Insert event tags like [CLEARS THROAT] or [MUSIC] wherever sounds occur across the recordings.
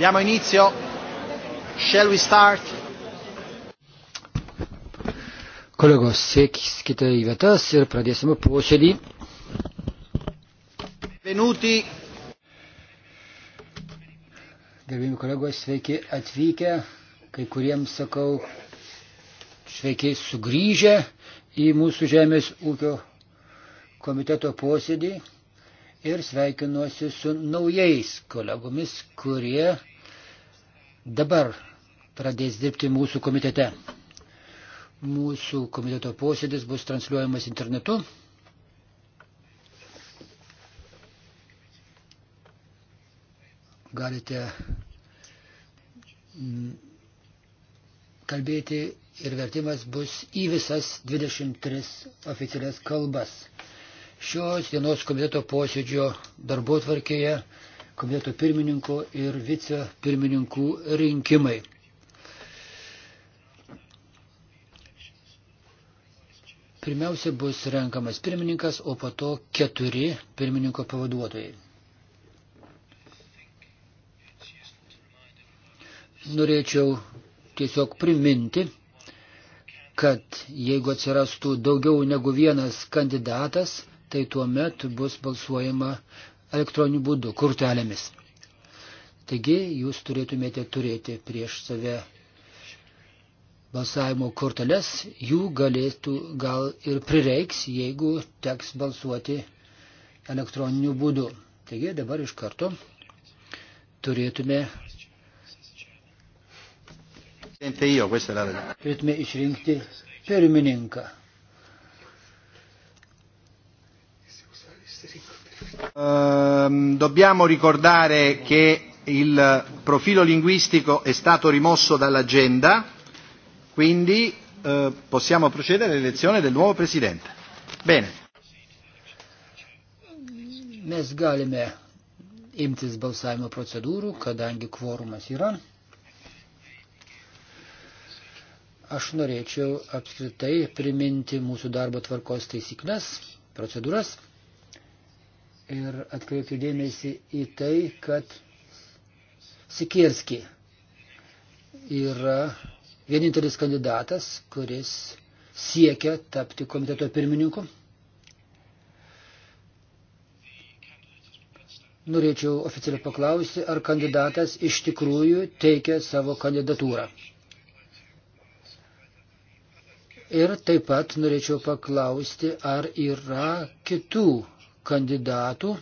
Diamo inizio. Shall we start? Kolegos, sėkiskite į vietas ir pradėsime posėdį. Venuti. Gerbimi kolegos, sveiki atvykę. Kai kuriems sakau, sveiki sugrįžę į mūsų Žemės ūkio komiteto posėdį ir sveikinuosi su naujais kolegomis, kurie dabar pradės dirbti mūsų komitete. Mūsų komiteto posėdis bus transliuojamas internetu. Galite mm, kalbėti ir vertimas bus į visas 23 oficialias kalbas. Šios dienos komiteto posėdžio darbo tvarkėje komiteto pirmininko ir vicepirmininkų rinkimai. Pirmiausia bus renkamas pirmininkas, o po to keturi pirmininko pavaduotojai. Norėčiau tiesiog priminti, kad jeigu atsirastų daugiau negu vienas kandidatas, tai tuo metu bus balsuojama elektroniniu būdu, kurtelėmis. Taigi jūs turėtumėte turėti prieš save balsavimo korteles, jų galėtų gal ir prireiks, jeigu teks balsuoti elektroniniu būdu. Taigi dabar iš karto turėtume, turėtume išrinkti pirmininką. Um, dobbiamo ricordare che il profilo linguistico è stato rimosso dall'agenda, quindi eh, possiamo procedere all'elezione del nuovo Presidente. Bene. Mes galime imtis balsavimo procedūrų, kadangi kvorumas yra. Aš norėčiau apskritai priminti mūsų darbo tvarkos taisyklės, procedūras ir atkreipiu dėmesį į tai, kad Sikirski yra vienintelis kandidatas, kuris siekia tapti komiteto pirmininku. Norėčiau oficialiai paklausti, ar kandidatas iš tikrųjų teikia savo kandidatūrą. Ir taip pat norėčiau paklausti, ar yra kitų kandidatų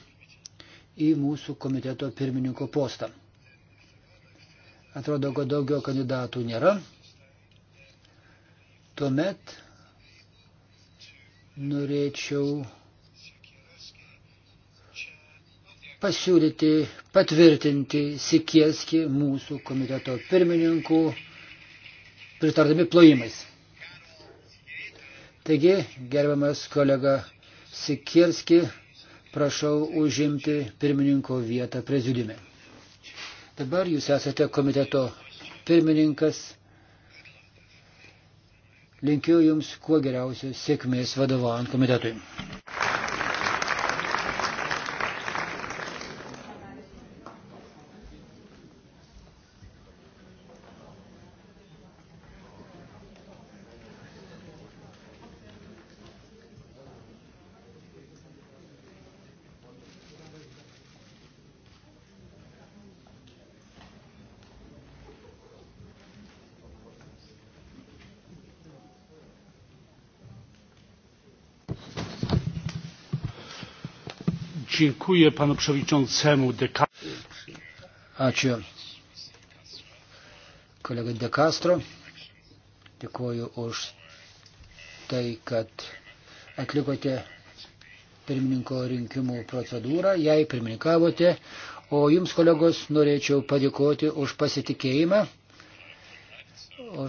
į mūsų komiteto pirmininko postą. Atrodo, kad daugiau kandidatų nėra. Tuomet norėčiau pasiūlyti patvirtinti Sikieski mūsų komiteto pirmininkų pritardami plojimais. Taigi, gerbiamas kolega Sikierski, prašau užimti pirmininko vietą prezidiume. Dabar jūs esate komiteto pirmininkas. Linkiu Jums kuo geriausios sėkmės vadovaujant komitetui. Dziękuję panu przewodniczącemu Dekastro. Ačiū kolega Dekastro. Dėkuoju už tai, kad atlikote pirmininko rinkimų procedūrą, jai pirmininkavote, o jums, kolegos, norėčiau padėkoti už pasitikėjimą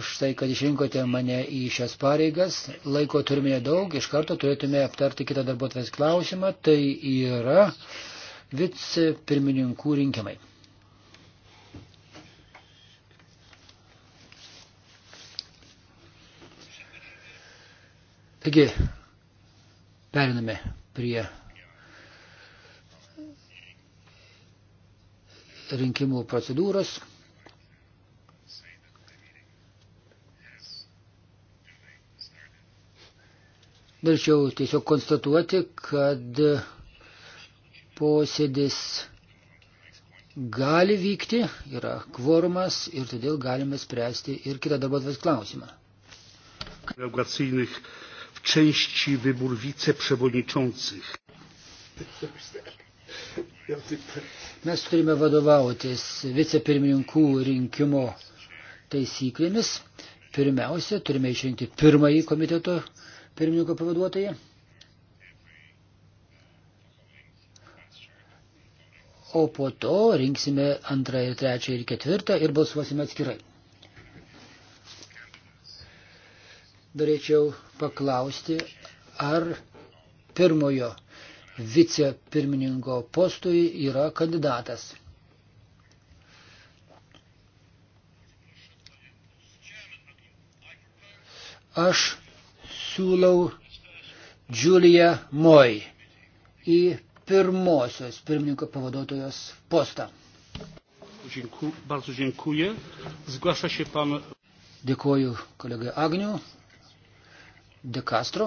už tai, kad išrinkote mane į šias pareigas. Laiko turime daug, iš karto turėtume aptarti kitą darbuotojas klausimą, tai yra vicepirmininkų rinkimai. Taigi, periname prie rinkimų procedūros. Norėčiau tiesiog konstatuoti, kad posėdis gali vykti, yra kvorumas ir todėl galime spręsti ir kitą darbotvės klausimą. W części wybór wiceprzewodniczących. Mes turime vadovautis vicepirmininkų rinkimo taisyklėmis. Pirmiausia, turime išrinkti pirmąjį komiteto pirmininko pavaduotoja. O po to rinksime antrą ir trečią ir ketvirtą ir balsuosime atskirai. Norėčiau paklausti, ar pirmojo vicepirmininko postui yra kandidatas. Aš siūlau Juliją Moj į pirmosios pirmininko pavaduotojos postą. Dziękuję, bardzo dziękuję. Zgłasza się pan. Dėkoju kolegai Agniu, De Castro.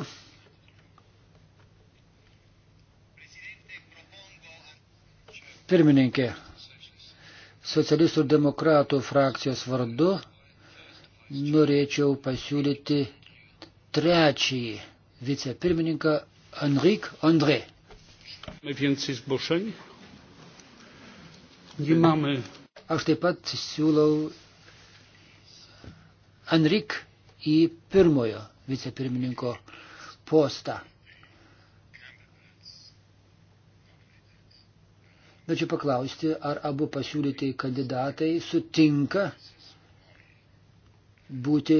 Pirmininkė, socialistų demokratų frakcijos vardu norėčiau pasiūlyti trečiąjį vicepirmininką Enrik André. Więcej zgłoszeń? Nie mamy. Aš taip pat siūlau Enrik į pirmojo vicepirmininko postą. Norėčiau paklausti, ar abu pasiūlyti kandidatai sutinka būti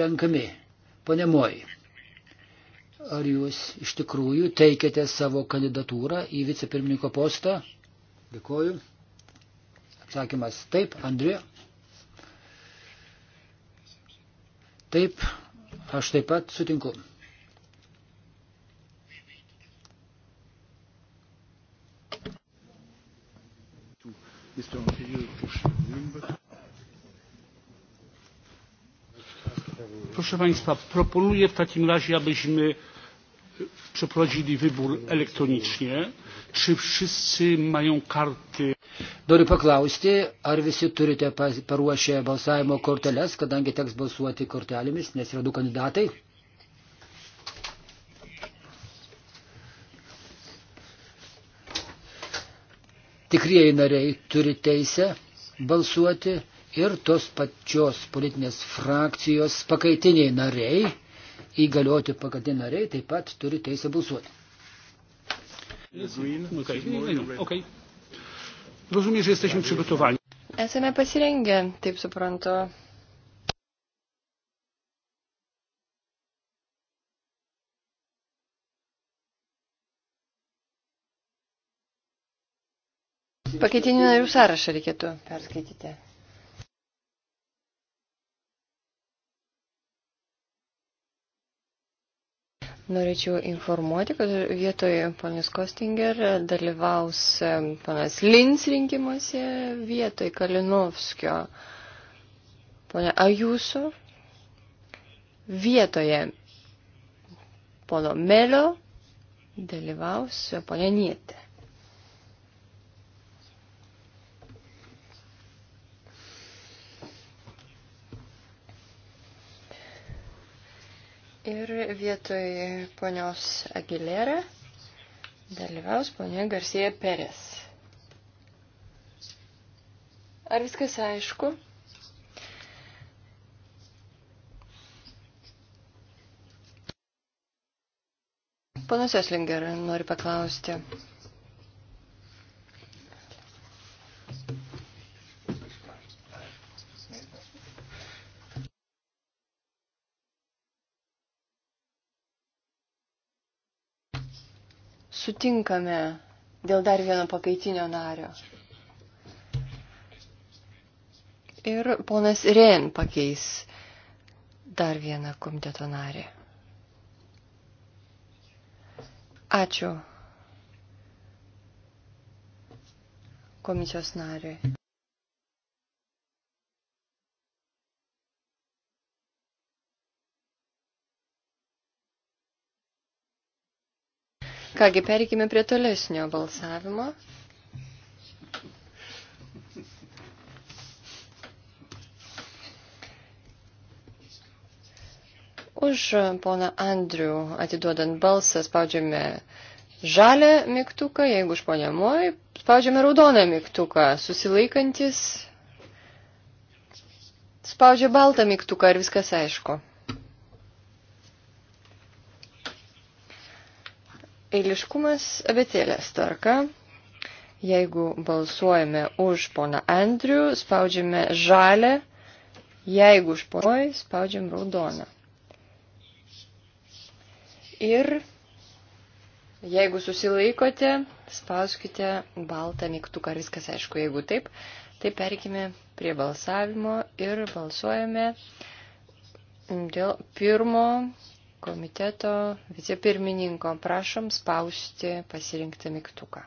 renkami. Pone Moj, ar jūs iš tikrųjų teikėte savo kandidatūrą į vicepirmininko postą? Dėkoju. Atsakymas taip, Andriu. Taip, aš taip pat sutinku. Mr. Antonio Pushman. proszę państwa proponuję w takim razie abyśmy e, przeprowadzili wybór elektronicznie czy wszyscy mają karty Noriu paklausti, ar visi turite paruošę balsavimo korteles, kadangi teks balsuoti kortelėmis, nes yra du kandidatai. Tikrieji nariai turi teisę balsuoti ir tos pačios politinės frakcijos pakaitiniai nariai, įgalioti pakaitiniai nariai taip pat turi teisę balsuoti. Rozumiem, że jesteśmy przygotowani. Esame pasirengę, taip suprantu. Pakeitinių narių sąrašą reikėtų perskaityti. Norėčiau informuoti, kad vietoje ponis Kostinger dalyvaus e, ponas Lins rinkimuose, vietoje Kalinovskio ponė Ajuso, vietoje pono Melio dalyvaus e, ponė Nietė. Ir vietoj ponios Agilera dalyvaus ponia Garcija Perės. Ar viskas aišku? Ponas Eslinger nori paklausti. sutinkame dėl dar vieno pakaitinio nario. Ir ponas Ren pakeis dar vieną komiteto narį. Ačiū komisijos nariui. Kągi, pereikime prie tolesnio balsavimo. Už poną Andrių atiduodant balsą spaudžiame žalę mygtuką, jeigu už ponę Moj spaudžiame raudoną mygtuką, susilaikantis spaudžia baltą mygtuką ir viskas aišku. Eiliškumas abetėlės tarka. Jeigu balsuojame už poną Andrių, spaudžiame žalę. Jeigu už poroj, spaudžiam raudoną. Ir jeigu susilaikote, spauskite baltą mygtuką, viskas aišku, jeigu taip, tai perikime prie balsavimo ir balsuojame dėl pirmo komiteto vicepirmininko. Prašom spausti pasirinktą mygtuką.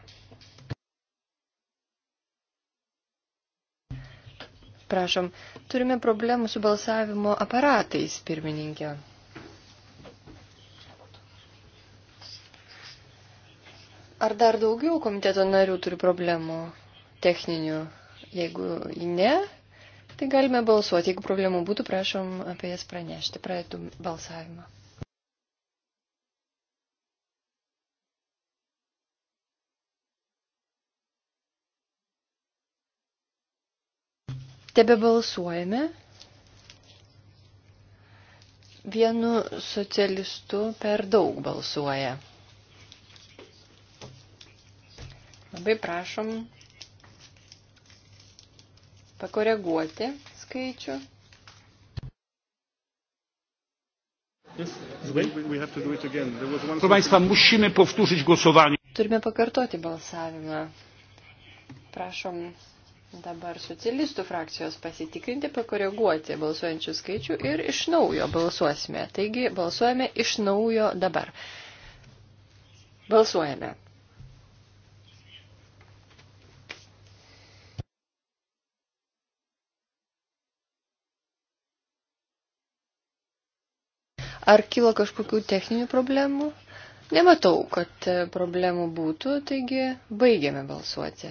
Prašom, turime problemų su balsavimo aparatais, pirmininkė. Ar dar daugiau komiteto narių turi problemų techninių? Jeigu ne, tai galime balsuoti. Jeigu problemų būtų, prašom apie jas pranešti. Pradėtų balsavimą. Tebe balsuojame vienu socialistu per daug balsuoja. Labai prašom pakoreguoti skaičių. Proszę Państwa, musimy powtórzyć głosowanie. Turime pakartoti balsavimą. Prašom dabar socialistų frakcijos pasitikrinti, pakoreguoti balsuojančių skaičių ir iš naujo balsuosime. Taigi balsuojame iš naujo dabar. Balsuojame. Ar kilo kažkokių techninių problemų? Nematau, kad e, problemų būtų, taigi baigiame balsuoti.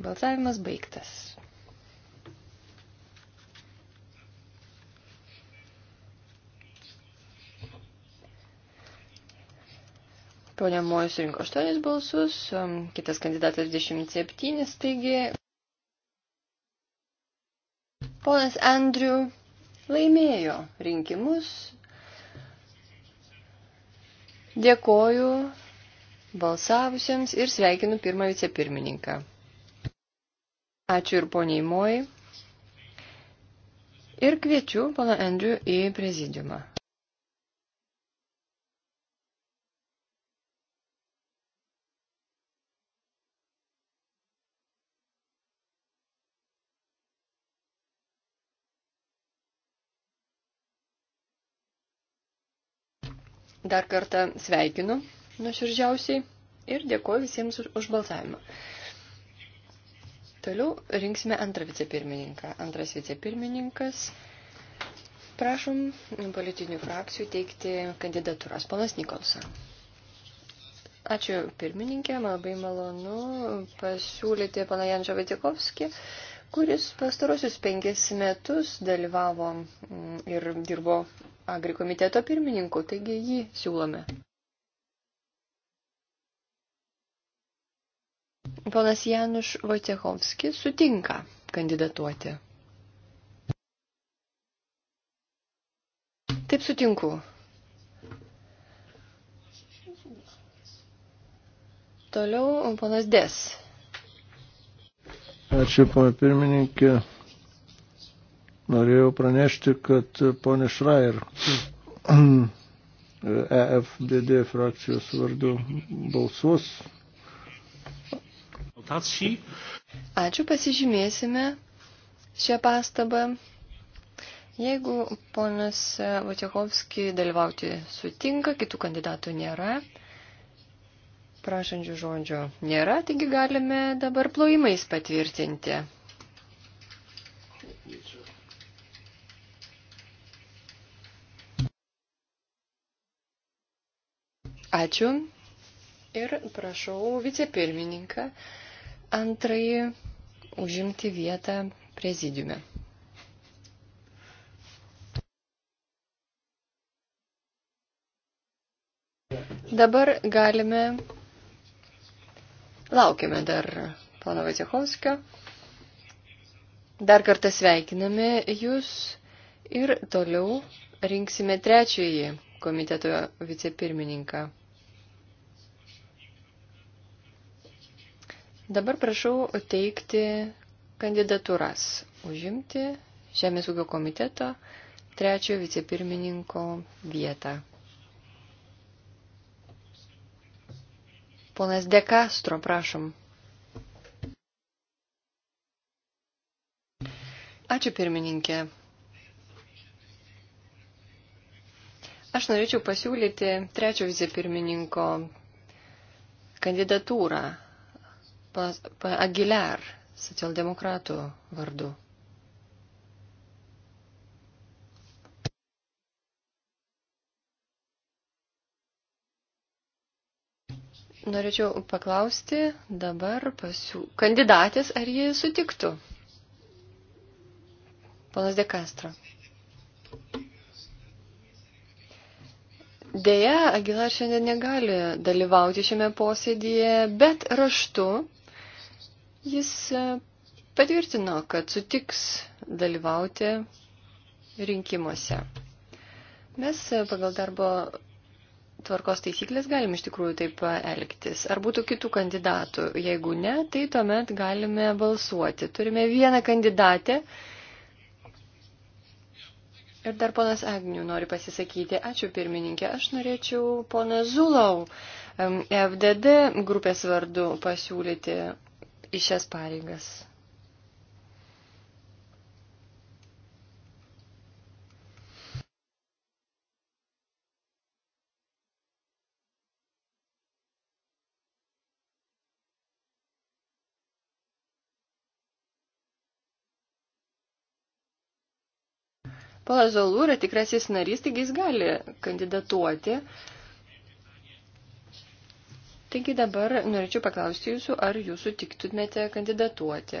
Balsavimas baigtas. Pone Mojus surinko 8 balsus, um, kitas kandidatas 27, taigi ponas Andriu laimėjo rinkimus. Dėkoju balsavusiems ir sveikinu pirmą vicepirmininką. Ačiū ir poniai Moj. Ir kviečiu pana Andrew į prezidiumą. Dar kartą sveikinu nuoširdžiausiai ir dėkuoju visiems už balsavimą. Toliau rinksime antrą vicepirmininką. Antras vicepirmininkas. Prašom politinių frakcijų teikti kandidatūras. Ponas Nikolson. Ačiū pirmininkė, man labai malonu pasiūlyti pana Janžą Vatikovskį, kuris pastarosius penkis metus dalyvavo mm, ir dirbo agrikomiteto pirmininku, taigi jį siūlome. Ponas Januš Vojcehovskis sutinka kandidatuoti. Taip sutinku. Toliau ponas Des. Ačiū, ponė pirmininkė. Norėjau pranešti, kad ponė Šrair EFDD [CLEARS THROAT] e frakcijos vardu balsuos prezentacji. Ačiū, pasižymėsime šią pastabą. Jeigu ponas Vatiechovski dalyvauti sutinka, kitų kandidatų nėra, prašančių žodžio nėra, taigi galime dabar plojimais patvirtinti. Ačiū ir prašau vicepirmininką antrai užimti vietą prezidiume. Dabar galime, laukime dar pono Vatsiechovskio. Dar kartą sveikiname jūs ir toliau rinksime trečiąjį komiteto vicepirmininką. Dabar prašau teikti kandidatūras užimti Žemės ūkio komiteto trečiojo vicepirmininko vietą. Ponas Dekastro, prašom. Ačiū pirmininkė. Aš norėčiau pasiūlyti trečio vicepirmininko kandidatūrą P. Aguilar, socialdemokratų vardu. Norėčiau paklausti dabar pasiū... kandidatės, ar jie sutiktų. Panas De Castro. Deja, Agilar šiandien negali dalyvauti šiame posėdėje, bet raštu Jis e, patvirtino, kad sutiks dalyvauti rinkimuose. Mes e, pagal darbo tvarkos taisyklės galim iš tikrųjų taip e, elgtis. Ar būtų kitų kandidatų? Jeigu ne, tai tuomet galime balsuoti. Turime vieną kandidatę. Ir dar ponas Agnių nori pasisakyti. Ačiū pirmininkė. Aš norėčiau poną Zulau FDD grupės vardu pasiūlyti į šias pareigas. Polas Zolų yra tikrasis narys, taigi jis gali kandidatuoti Taigi dabar norėčiau paklausti jūsų, ar jūs sutiktumėte kandidatuoti.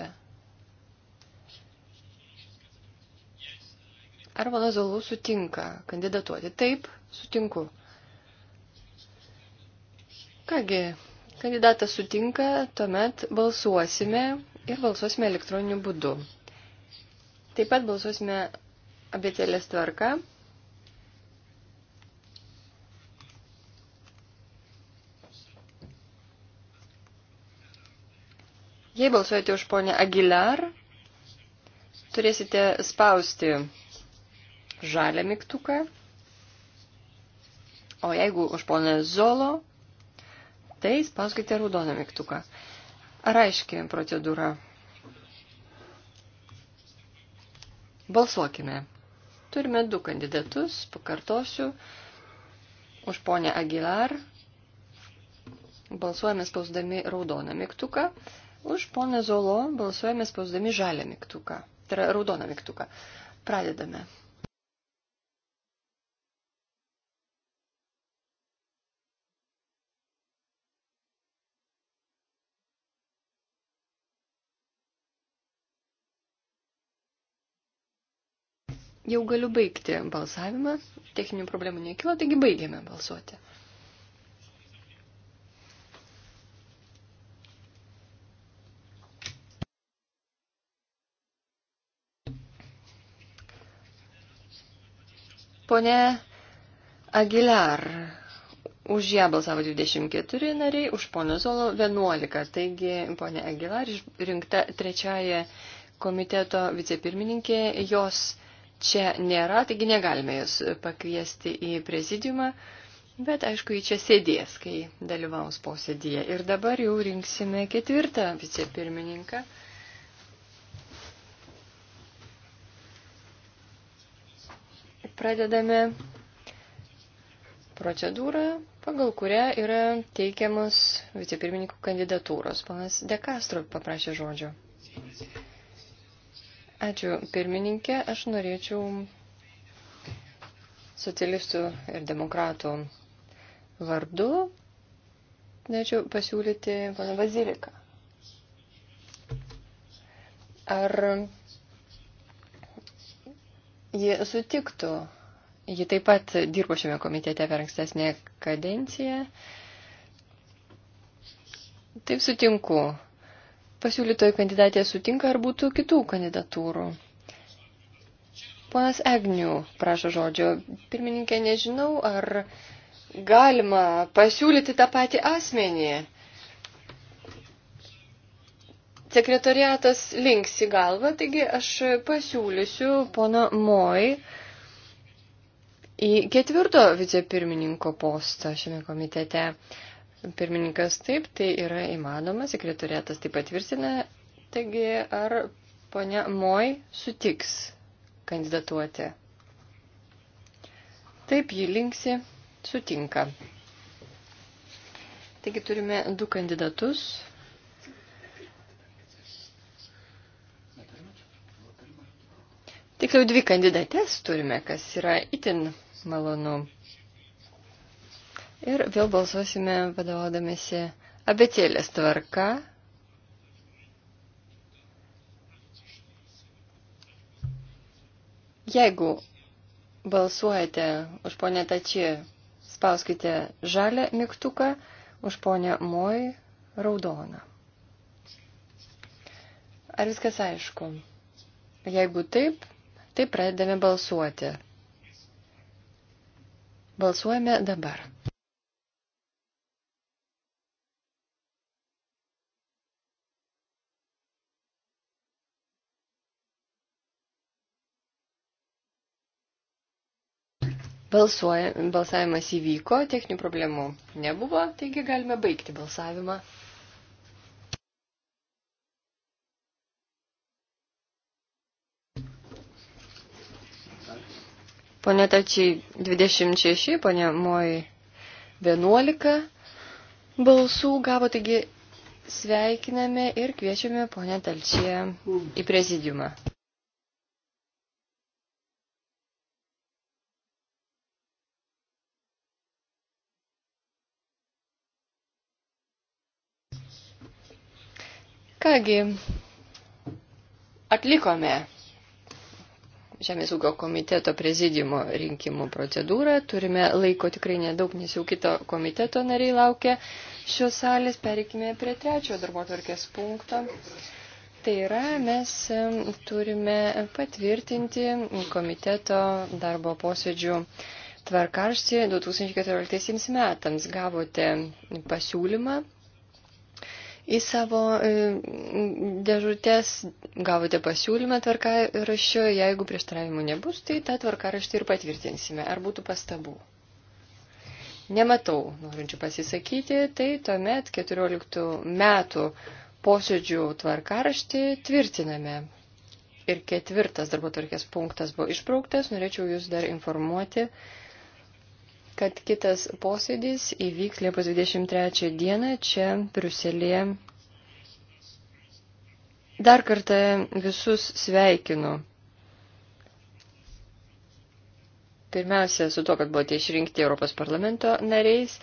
Ar mano Zolų sutinka kandidatuoti? Taip, sutinku. Kągi, kandidatas sutinka, tuomet balsuosime ir balsuosime elektroniniu būdu. Taip pat balsuosime abietėlės tvarka. Jei balsuojate už ponę Aguilar, turėsite spausti žalią mygtuką. O jeigu už ponę Zolo, tai spauskite raudoną mygtuką. Ar aiški procedūra? Balsuokime. Turime du kandidatus, pakartosiu, už ponę Aguilar. Balsuojame spausdami raudoną mygtuką Už poną Zolo balsuojame spausdami žalią mygtuką. Tai yra raudoną mygtuką. Pradedame. Jau galiu baigti balsavimą, techninių problemų nekyla, taigi baigėme balsuoti. Pone Aguilar, už ją balsavo 24 nariai, už pono Zolo 11. Taigi, ponė Aguilar, rinkta trečiaja komiteto vicepirmininkė, jos čia nėra, taigi negalime jos pakviesti į prezidiumą, bet aišku, ji čia sėdės, kai dalyvaus posėdėje. Ir dabar jau rinksime ketvirtą vicepirmininką. pradedame procedūrą, pagal kurią yra teikiamos vicepirmininkų kandidatūros. Panas Dekastro paprašė žodžio. Ačiū, pirmininkė. Aš norėčiau socialistų ir demokratų vardu, norėčiau pasiūlyti pana Baziliką. Ar ji sutiktų. Ji taip pat dirbo šiame komitete per ankstesnę kadenciją. Taip sutinku. Pasiūlytoji kandidatė sutinka ar būtų kitų kandidatūrų. Ponas Egnių prašo žodžio. Pirmininkė, nežinau, ar galima pasiūlyti tą patį asmenį. Sekretariatas links į galvą, taigi aš pasiūlysiu pono Moj į ketvirto vicepirmininko postą šiame komitete. Pirmininkas taip, tai yra įmanoma, sekretariatas taip patvirtina. Taigi, ar ponia Moj sutiks kandidatuoti? Taip, jį linksi, sutinka. Taigi turime du kandidatus Tiksliau dvi kandidates turime, kas yra itin malonu. Ir vėl balsuosime vadovodamėsi abecėlės tvarka. Jeigu balsuojate už ponę Tačį, spauskite žalę mygtuką, už ponę Moj raudoną. Ar viskas aišku? Jeigu taip, Taip pradedame balsuoti. Balsuojame dabar. Balsuoja, balsavimas įvyko, techninių problemų nebuvo, taigi galime baigti balsavimą. Pone Tačiai 26, pone Moj 11 balsų gavo, taigi sveikiname ir kviečiame ponę Talčią į prezidiumą. Kągi, atlikome Žemės ūkio komiteto prezidimo rinkimų procedūrą. Turime laiko tikrai nedaug, nes jau kito komiteto nariai laukia šios salės. Pereikime prie trečiojo darbo tvarkės punkto. Tai yra, mes turime patvirtinti komiteto darbo posėdžių tvarkarštį 2014 metams. Gavote pasiūlymą į savo e, dėžutės, gavote pasiūlymą tvarkaraščio, jeigu prieštaravimų nebus, tai tą tvarkaraštį ir patvirtinsime. Ar būtų pastabų? Nematau norinčių pasisakyti, tai tuomet 14 metų posėdžių tvarkaraštį tvirtiname. Ir ketvirtas darbo tvarkės punktas buvo išbrauktas, norėčiau jūs dar informuoti, kad kitas posėdis įvyks Liepos 23 dieną čia, Briuselėje. Dar kartą visus sveikinu. Pirmiausia, su to, kad buvote išrinkti Europos parlamento nariais,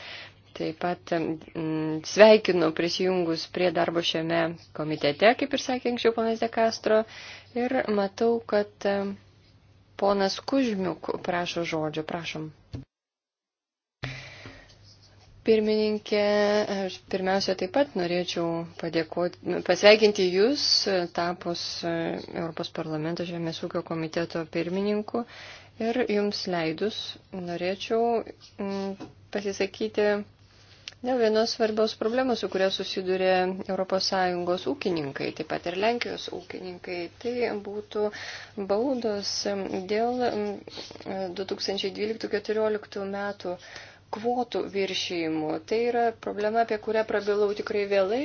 Taip pat sveikinu prisijungus prie darbo šiame komitete, kaip ir sakė anksčiau ponas De Castro. Ir matau, kad ponas Kužmiuk prašo žodžio. Prašom pirmininkė, aš pirmiausia taip pat norėčiau padėkoti, nu, pasveikinti Jūs tapus e, Europos parlamento žemės ūkio komiteto pirmininku ir Jums leidus norėčiau pasisakyti dėl vienos svarbios problemos, su kuria susiduria ES ūkininkai, taip pat ir Lenkijos ūkininkai. Tai būtų baudos dėl 2012-2014 e, metų kvotų viršėjimu. Tai yra problema, apie kurią prabilau tikrai vėlai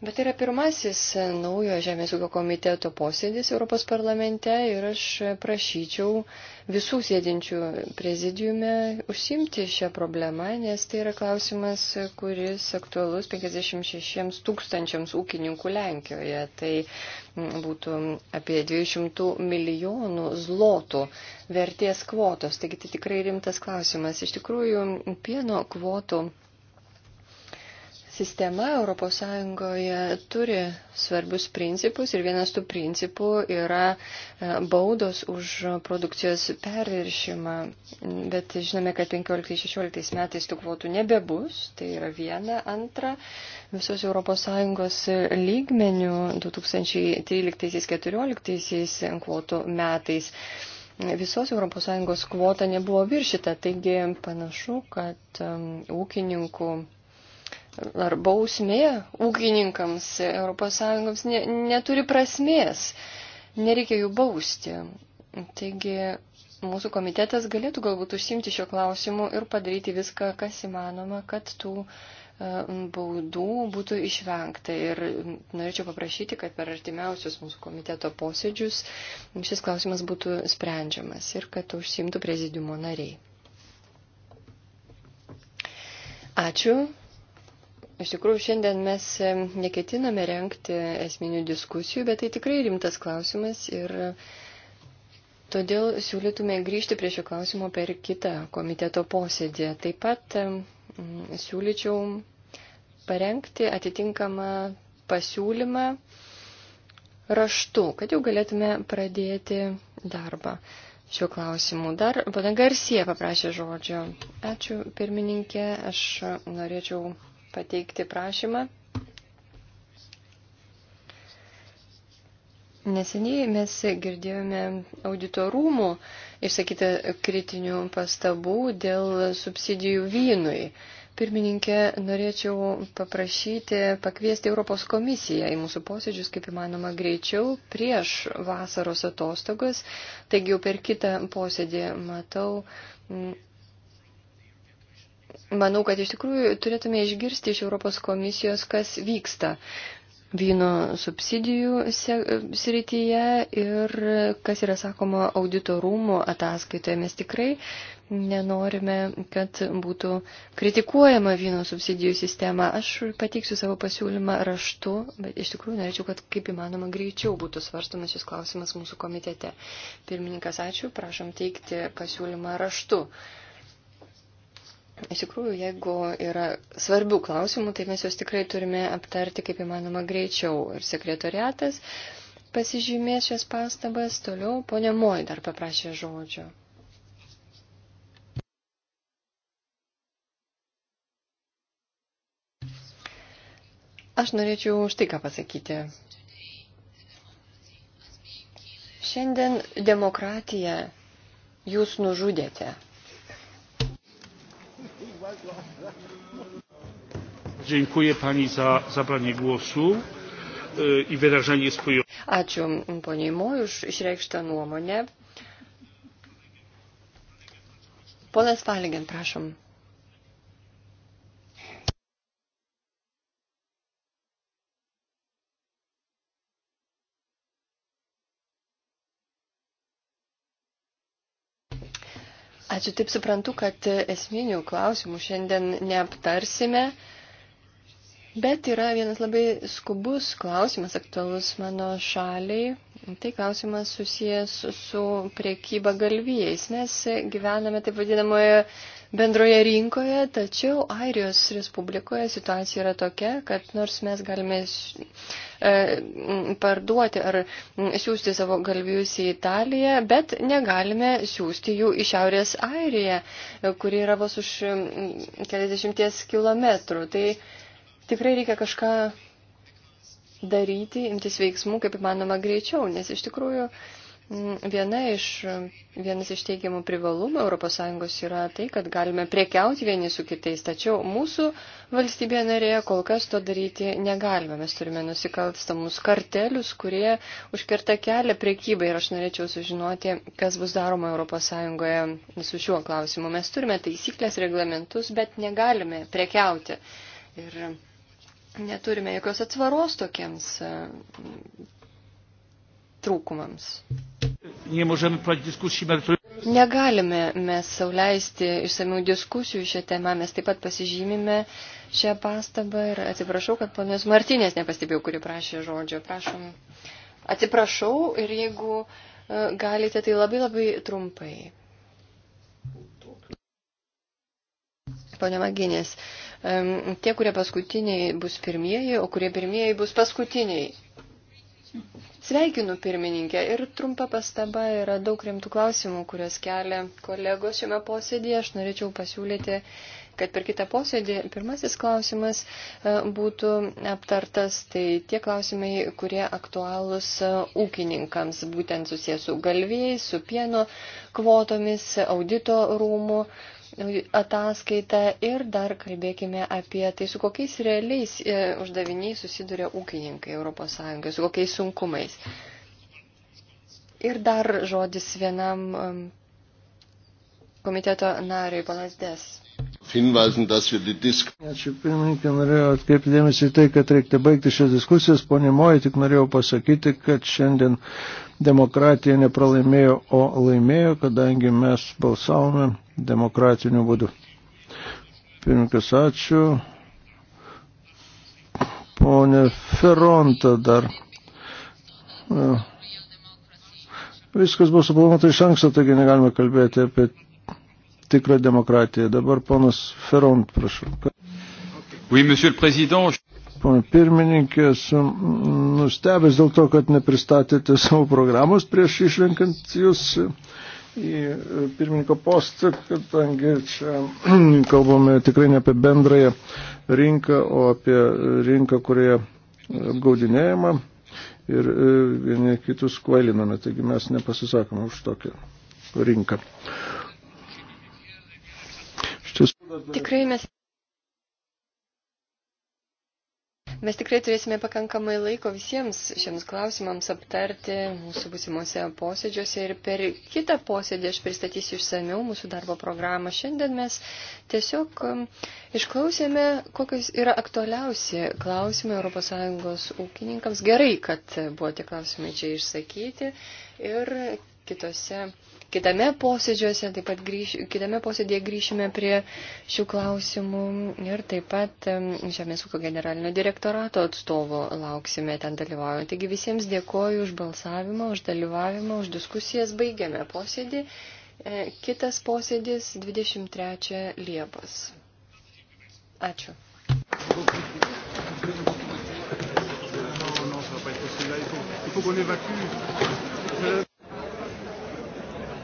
Bet tai yra pirmasis naujo Žemės ūkio komiteto posėdis Europos parlamente ir aš prašyčiau visų sėdinčių prezidiume užsimti šią problemą, nes tai yra klausimas, kuris aktualus 56 tūkstančiams ūkininkų Lenkijoje. Tai būtų apie 200 milijonų zlotų vertės kvotos. Taigi tai tikrai rimtas klausimas. Iš tikrųjų, pieno kvotų Sistema ES turi svarbius principus ir vienas tų principų yra e, baudos už produkcijos perviršimą. Bet žinome, kad 15-16 metais tų kvotų nebebus. Tai yra viena. Antra, visos ES lygmenių 2013-2014 kvotų metais visos ES kvota nebuvo viršita, taigi panašu, kad um, ūkininkų ar bausmė ūkininkams ES ne, neturi prasmės, nereikia jų bausti. Taigi mūsų komitetas galėtų galbūt užsimti šio klausimu ir padaryti viską, kas įmanoma, kad tų e, baudų būtų išvengta. Ir norėčiau paprašyti, kad per artimiausius mūsų komiteto posėdžius šis klausimas būtų sprendžiamas ir kad užsimtų prezidiumo nariai. Ačiū. Iš tikrųjų, šiandien mes neketiname renkti esminių diskusijų, bet tai tikrai rimtas klausimas ir todėl siūlytume grįžti prie šio klausimo per kitą komiteto posėdį. Taip pat siūlyčiau parengti atitinkamą pasiūlymą raštu, kad jau galėtume pradėti darbą šiuo klausimu. Dar pana Garsie paprašė žodžio. Ačiū pirmininkė, aš norėčiau pateikti prašymą. Neseniai mes girdėjome auditorumų išsakytą kritinių pastabų dėl subsidijų vynui. Pirmininkė, norėčiau paprašyti pakviesti Europos komisiją į mūsų posėdžius kaip įmanoma greičiau prieš vasaros atostogas. Taigi jau per kitą posėdį matau manau, kad iš tikrųjų turėtume išgirsti iš Europos komisijos, kas vyksta vyno subsidijų srityje ir kas yra sakoma audito rūmų ataskaitoje. Mes tikrai nenorime, kad būtų kritikuojama vyno subsidijų sistema. Aš pateiksiu savo pasiūlymą raštu, bet iš tikrųjų norėčiau, kad kaip įmanoma greičiau būtų svarstamas šis klausimas mūsų komitete. Pirmininkas, ačiū, prašom teikti pasiūlymą raštu. Iš tikrųjų, jeigu yra svarbių klausimų, tai mes juos tikrai turime aptarti kaip įmanoma greičiau. Ir sekretoriatas pasižymės šias pastabas. Toliau ponė Moj dar paprašė žodžio. Aš norėčiau štai ką pasakyti. Šiandien demokratiją jūs nužudėte. Dziękuję pani za zabranie głosu e, i wyrażenie swojej. Ačiū poniai Moj už išreikštą nuomonę. Ponas Valigen, prašom. Ačiū, taip suprantu, kad esminių klausimų šiandien neaptarsime. Bet yra vienas labai skubus klausimas aktualus mano šaliai. Tai klausimas susijęs su priekyba galvijais. Mes gyvename taip vadinamoje bendroje rinkoje, tačiau Airijos Respublikoje situacija yra tokia, kad nors mes galime e, parduoti ar siūsti savo galvijus į Italiją, bet negalime siūsti jų į Šiaurės Airiją, kuri yra vos už 40 kilometrų. Tai Tikrai reikia kažką daryti, imtis veiksmų kaip įmanoma greičiau, nes iš tikrųjų viena iš, vienas iš teigiamų privalumų ES yra tai, kad galime priekiauti vieni su kitais, tačiau mūsų valstybė narėje kol kas to daryti negalime. Mes turime nusikalstamus kartelius, kurie užkerta kelią priekybai ir aš norėčiau sužinoti, kas bus daroma ES su šiuo klausimu. Mes turime taisyklės, reglamentus, bet negalime priekiauti. Ir neturime jokios atsvaros tokiems e, trūkumams. Negalime mes sauliaisti išsamių diskusijų šią temą, mes taip pat pasižymime šią pastabą ir atsiprašau, kad ponios Martinės nepastebėjau, kuri prašė žodžio. Prašom, atsiprašau ir jeigu e, galite, tai labai labai trumpai. Pone Maginės, tie, kurie paskutiniai bus pirmieji, o kurie pirmieji bus paskutiniai. Sveikinu pirmininkę ir trumpa pastaba yra daug rimtų klausimų, kurias kelia kolegos šiame posėdėje. Aš norėčiau pasiūlyti, kad per kitą posėdį pirmasis klausimas e, būtų aptartas, tai tie klausimai, kurie aktualūs e, ūkininkams, būtent susijęs su galvėjais, su pieno kvotomis, audito rūmų ataskaitą ir dar kalbėkime apie tai, su kokiais realiais e, uždaviniais susiduria ūkininkai ES, su kokiais sunkumais. Ir dar žodis vienam komiteto nariui, panas Des. Ačiū pirmininkė, norėjau atkreipti dėmesį į tai, kad reikia baigti šias diskusijas. Pone Moji, tik norėjau pasakyti, kad šiandien demokratija nepralaimėjo, o laimėjo, kadangi mes balsavome demokratiniu būdu. Pirmininkas, ačiū. Pone Feronta dar. E, viskas buvo suplanuota iš anksto, taigi negalime kalbėti apie tikrą demokratiją. Dabar ponas Feront, prašau. Oui, monsieur le président. Pone pirmininkė, esu nustebęs dėl to, kad nepristatėte savo programos prieš išrinkant jūs į e, pirmininko postą, kadangi čia [CLEARS THROAT] kalbame tikrai ne apie bendrąją rinką, o apie rinką, kurioje apgaudinėjama ir e, vieni kitus kvailiname. Taigi mes nepasisakome už tokią rinką. Tikrai mes. Mes tikrai turėsime pakankamai laiko visiems šiems klausimams aptarti mūsų busimuose posėdžiuose ir per kitą posėdį aš pristatysiu išsamiau mūsų darbo programą. Šiandien mes tiesiog um, išklausėme, kokios yra aktualiausi klausimai ES ūkininkams. Gerai, kad buvo tie klausimai čia išsakyti ir kitose Kitame, taip pat grįž, kitame posėdėje grįšime prie šių klausimų ir taip pat Žemės ūkio generalinio direktorato atstovų lauksime ten dalyvaujant. Taigi visiems dėkoju už balsavimą, už dalyvavimą, už diskusijas. Baigiame posėdį. E, kitas posėdis 23 Liepos. Ačiū. Il faut qu'on évacue.